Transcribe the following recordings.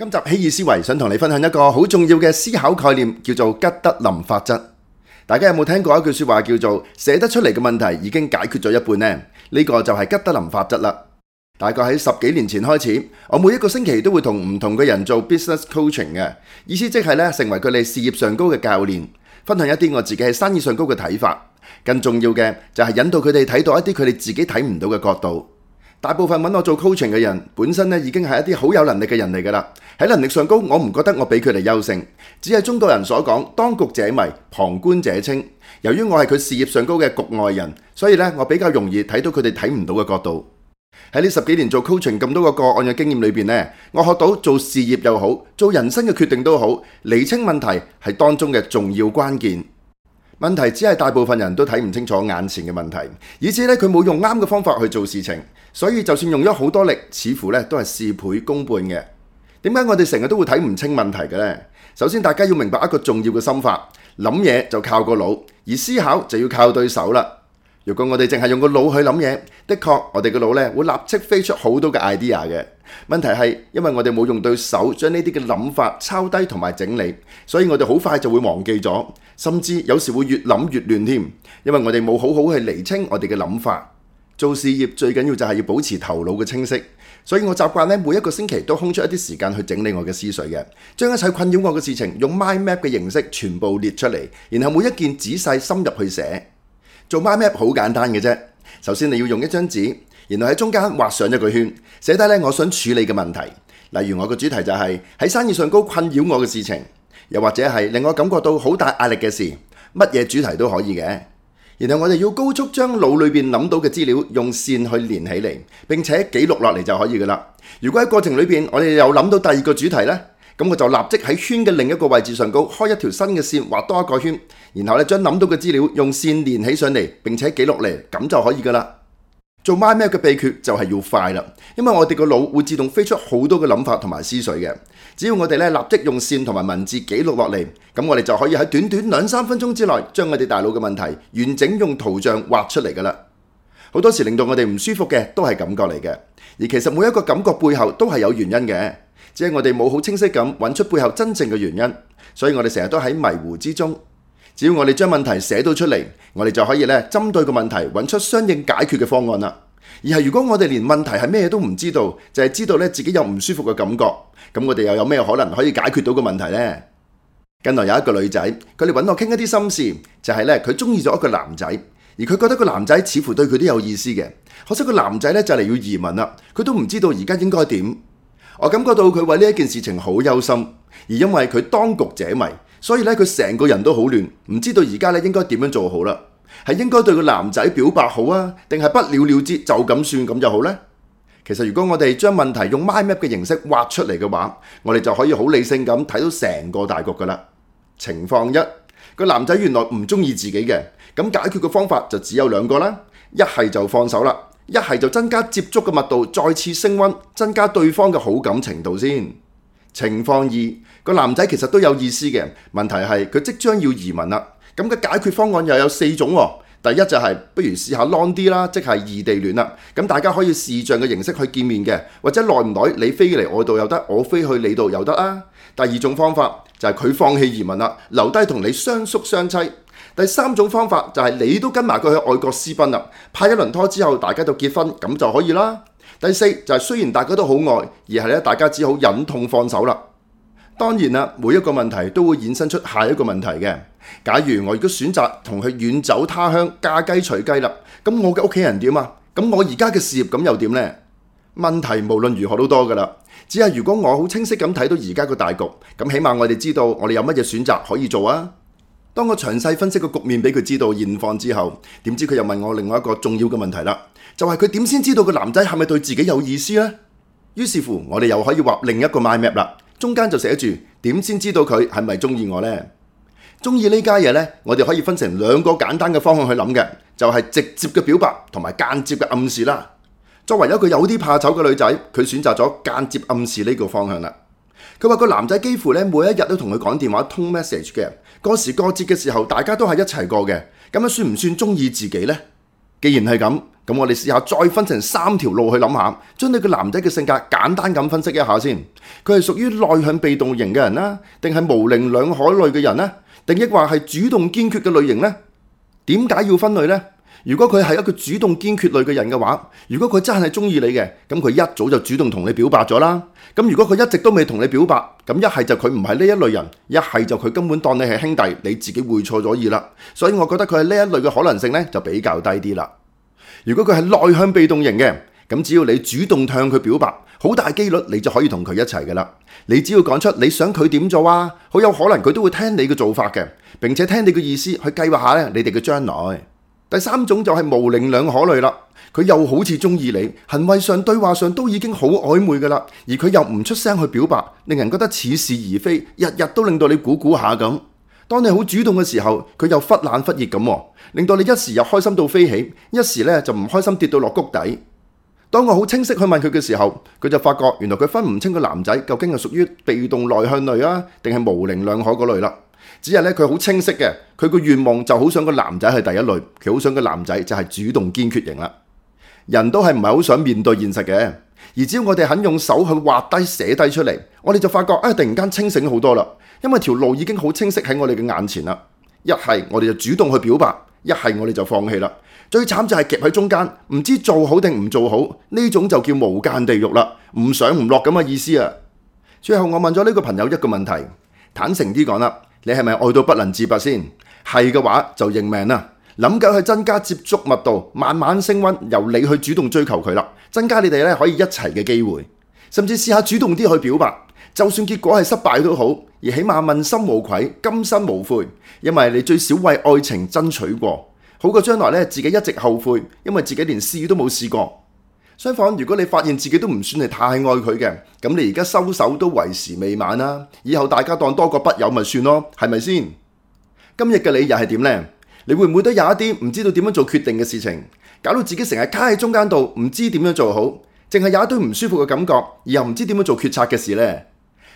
今集希爾思維想同你分享一個好重要嘅思考概念，叫做吉德林法則。大家有冇聽過一句說話叫做寫得出嚟嘅問題已經解決咗一半呢？呢個就係吉德林法則啦。大概喺十幾年前開始，我每一個星期都會同唔同嘅人做 business coaching 嘅，意思即係咧成為佢哋事業上高嘅教練，分享一啲我自己喺生意上高嘅睇法。更重要嘅就係引導佢哋睇到一啲佢哋自己睇唔到嘅角度。大部分揾我做 coaching 嘅人，本身咧已經係一啲好有能力嘅人嚟㗎喇。喺能力上高，我唔覺得我比佢哋優勝，只係中國人所講當局者迷，旁觀者清。由於我係佢事業上高嘅局外人，所以咧我比較容易睇到佢哋睇唔到嘅角度。喺呢十幾年做 coaching 咁多個個案嘅經驗裏邊咧，我學到做事業又好，做人生嘅決定都好，釐清問題係當中嘅重要關鍵。問題只係大部分人都睇唔清楚眼前嘅問題，以至咧佢冇用啱嘅方法去做事情，所以就算用咗好多力，似乎咧都係事倍功半嘅。點解我哋成日都會睇唔清問題嘅咧？首先大家要明白一個重要嘅心法，諗嘢就靠個腦，而思考就要靠雙手啦。如果我哋淨係用個腦去諗嘢，的確我哋個腦咧會立即飛出好多嘅 idea 嘅。問題係，因為我哋冇用到手將呢啲嘅諗法抄低同埋整理，所以我哋好快就會忘記咗，甚至有時會越諗越亂添。因為我哋冇好好去釐清我哋嘅諗法。做事業最緊要就係要保持頭腦嘅清晰，所以我習慣咧每一個星期都空出一啲時間去整理我嘅思緒嘅，將一切困擾我嘅事情用 mind map 嘅形式全部列出嚟，然後每一件仔細深入去寫。做 mind map 好簡單嘅啫，首先你要用一張紙，然後喺中間畫上一個圈，寫低咧我想處理嘅問題，例如我個主題就係喺生意上高困擾我嘅事情，又或者係令我感覺到好大壓力嘅事，乜嘢主題都可以嘅。然後我哋要高速將腦裏邊諗到嘅資料用線去連起嚟，並且記錄落嚟就可以噶啦。如果喺過程裏邊我哋又諗到第二個主題呢，咁我就立即喺圈嘅另一個位置上高開一條新嘅線，畫多一個圈，然後咧將諗到嘅資料用線連起上嚟，並且記錄嚟，咁就可以噶啦。做 Mindmap 嘅秘訣就係要快啦，因為我哋個腦會自動飛出好多嘅諗法同埋思緒嘅。只要我哋咧立即用線同埋文字記錄落嚟，咁我哋就可以喺短短兩三分鐘之內將我哋大腦嘅問題完整用圖像畫出嚟噶啦。好多時令到我哋唔舒服嘅都係感覺嚟嘅，而其實每一個感覺背後都係有原因嘅。只係我哋冇好清晰咁揾出背後真正嘅原因，所以我哋成日都喺迷糊之中。只要我哋將問題寫到出嚟，我哋就可以咧針對個問題揾出相應解決嘅方案啦。而係如果我哋連問題係咩都唔知道，就係知道咧自己有唔舒服嘅感覺，咁我哋又有咩可能可以解決到個問題呢？近來有一個女仔，佢哋揾我傾一啲心事，就係咧佢中意咗一個男仔，而佢覺得個男仔似乎對佢都有意思嘅。可惜個男仔咧就嚟要移民啦，佢都唔知道而家應該點。我感覺到佢為呢一件事情好憂心，而因為佢當局者迷，所以咧佢成個人都好亂，唔知道而家咧應該點樣做好啦？係應該對個男仔表白好啊，定係不了了之就咁算咁就好呢？其實如果我哋將問題用 mind map 嘅形式畫出嚟嘅話，我哋就可以好理性咁睇到成個大局噶啦。情況一，個男仔原來唔中意自己嘅，咁解決嘅方法就只有兩個啦，一係就放手啦。一係就增加接觸嘅密度，再次升溫，增加對方嘅好感程度先。情況二，個男仔其實都有意思嘅，問題係佢即將要移民啦。咁嘅解決方案又有四種喎。第一就係不如試下 long 啲啦，即係異地戀啦。咁大家可以視像嘅形式去見面嘅，或者耐唔耐你飛嚟我度又得，我飛去你度又得啊。第二種方法就係佢放棄移民啦，留低同你相宿相妻。第三種方法就係你都跟埋佢去外國私奔啦，拍一輪拖之後，大家就結婚咁就可以啦。第四就係雖然大家都好愛，而係咧大家只好忍痛放手啦。當然啦，每一個問題都會衍生出下一個問題嘅。假如我如果選擇同佢遠走他鄉嫁雞隨雞啦，咁我嘅屋企人點啊？咁我而家嘅事業咁又點呢？問題無論如何都多㗎啦。只係如果我好清晰咁睇到而家個大局，咁起碼我哋知道我哋有乜嘢選擇可以做啊。當我詳細分析個局面俾佢知道現況之後，點知佢又問我另外一個重要嘅問題啦，就係佢點先知道個男仔係咪對自己有意思呢？於是乎，我哋又可以畫另一個 mind map 啦，中間就寫住點先知道佢係咪中意我呢？中意呢家嘢呢？我哋可以分成兩個簡單嘅方向去諗嘅，就係、是、直接嘅表白同埋間接嘅暗示啦。作為一個有啲怕醜嘅女仔，佢選擇咗間接暗示呢個方向啦。佢話個男仔幾乎咧每一日都同佢講電話、通 message 嘅，過時過節嘅時候大家都係一齊過嘅，咁樣算唔算中意自己呢？既然係咁，咁我哋試下再分成三條路去諗下，將你個男仔嘅性格簡單咁分析一下先。佢係屬於內向被動型嘅人啦，定係模棱兩可類嘅人呢？定抑或係主動堅決嘅類型呢？點解要分類呢？如果佢係一個主動堅決類嘅人嘅話，如果佢真係中意你嘅，咁佢一早就主動同你表白咗啦。咁如果佢一直都未同你表白，咁一係就佢唔係呢一類人，一係就佢根本當你係兄弟，你自己會錯咗意啦。所以我覺得佢係呢一類嘅可能性咧就比較低啲啦。如果佢係內向被動型嘅，咁只要你主動向佢表白，好大機率你就可以同佢一齊㗎喇。你只要講出你想佢點做啊，好有可能佢都會聽你嘅做法嘅，並且聽你嘅意思去計劃下咧你哋嘅將來。第三種就係模棱兩可類啦，佢又好似中意你，行為上、對話上都已經好曖昧噶啦，而佢又唔出聲去表白，令人覺得似是而非，日日都令到你估估下咁。當你好主動嘅時候，佢又忽冷忽熱咁，令到你一時又開心到飛起，一時呢就唔開心跌到落谷底。當我好清晰去問佢嘅時候，佢就發覺原來佢分唔清個男仔究竟係屬於被動內向類啊，定係模棱兩可嗰類啦。只係咧，佢好清晰嘅，佢個願望就好想個男仔係第一類，佢好想個男仔就係主動堅決型啦。人都係唔係好想面對現實嘅，而只要我哋肯用手去畫低寫低出嚟，我哋就發覺啊、哎，突然間清醒好多啦，因為條路已經好清晰喺我哋嘅眼前啦。一係我哋就主動去表白，一係我哋就放棄啦。最慘就係夾喺中間，唔知做好定唔做好，呢種就叫無間地獄啦，唔上唔落咁嘅意思啊。最後我問咗呢個朋友一個問題，坦誠啲講啦。你係咪愛到不能自拔先？係嘅話就認命啦，諗緊去增加接觸密度，慢慢升溫，由你去主動追求佢啦，增加你哋咧可以一齊嘅機會，甚至試下主動啲去表白，就算結果係失敗都好，而起碼問心無愧，今生無悔，因為你最少為愛情爭取過，好過將來咧自己一直後悔，因為自己連試都冇試過。相反，如果你發現自己都唔算係太愛佢嘅，咁你而家收手都為時未晚啦。以後大家當多個筆友咪算咯，係咪先？今日嘅你又係點呢？你會唔會都有一啲唔知道點樣做決定嘅事情，搞到自己成日卡喺中間度，唔知點樣做好，淨係有一堆唔舒服嘅感覺，而又唔知點樣做決策嘅事呢？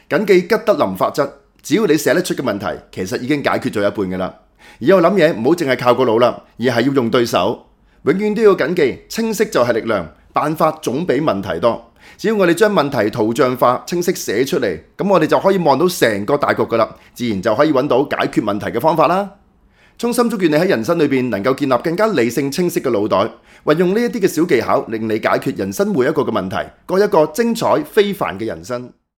緊記吉德林法則，只要你寫得出嘅問題，其實已經解決咗一半㗎啦。以後諗嘢唔好淨係靠個腦啦，而係要用對手，永遠都要緊記，清晰就係力量。辦法總比問題多，只要我哋將問題圖像化、清晰寫出嚟，咁我哋就可以望到成個大局㗎喇，自然就可以揾到解決問題嘅方法啦。衷心祝願你喺人生裏邊能夠建立更加理性清晰嘅腦袋，運用呢一啲嘅小技巧，令你解決人生每一個嘅問題，過一個精彩非凡嘅人生。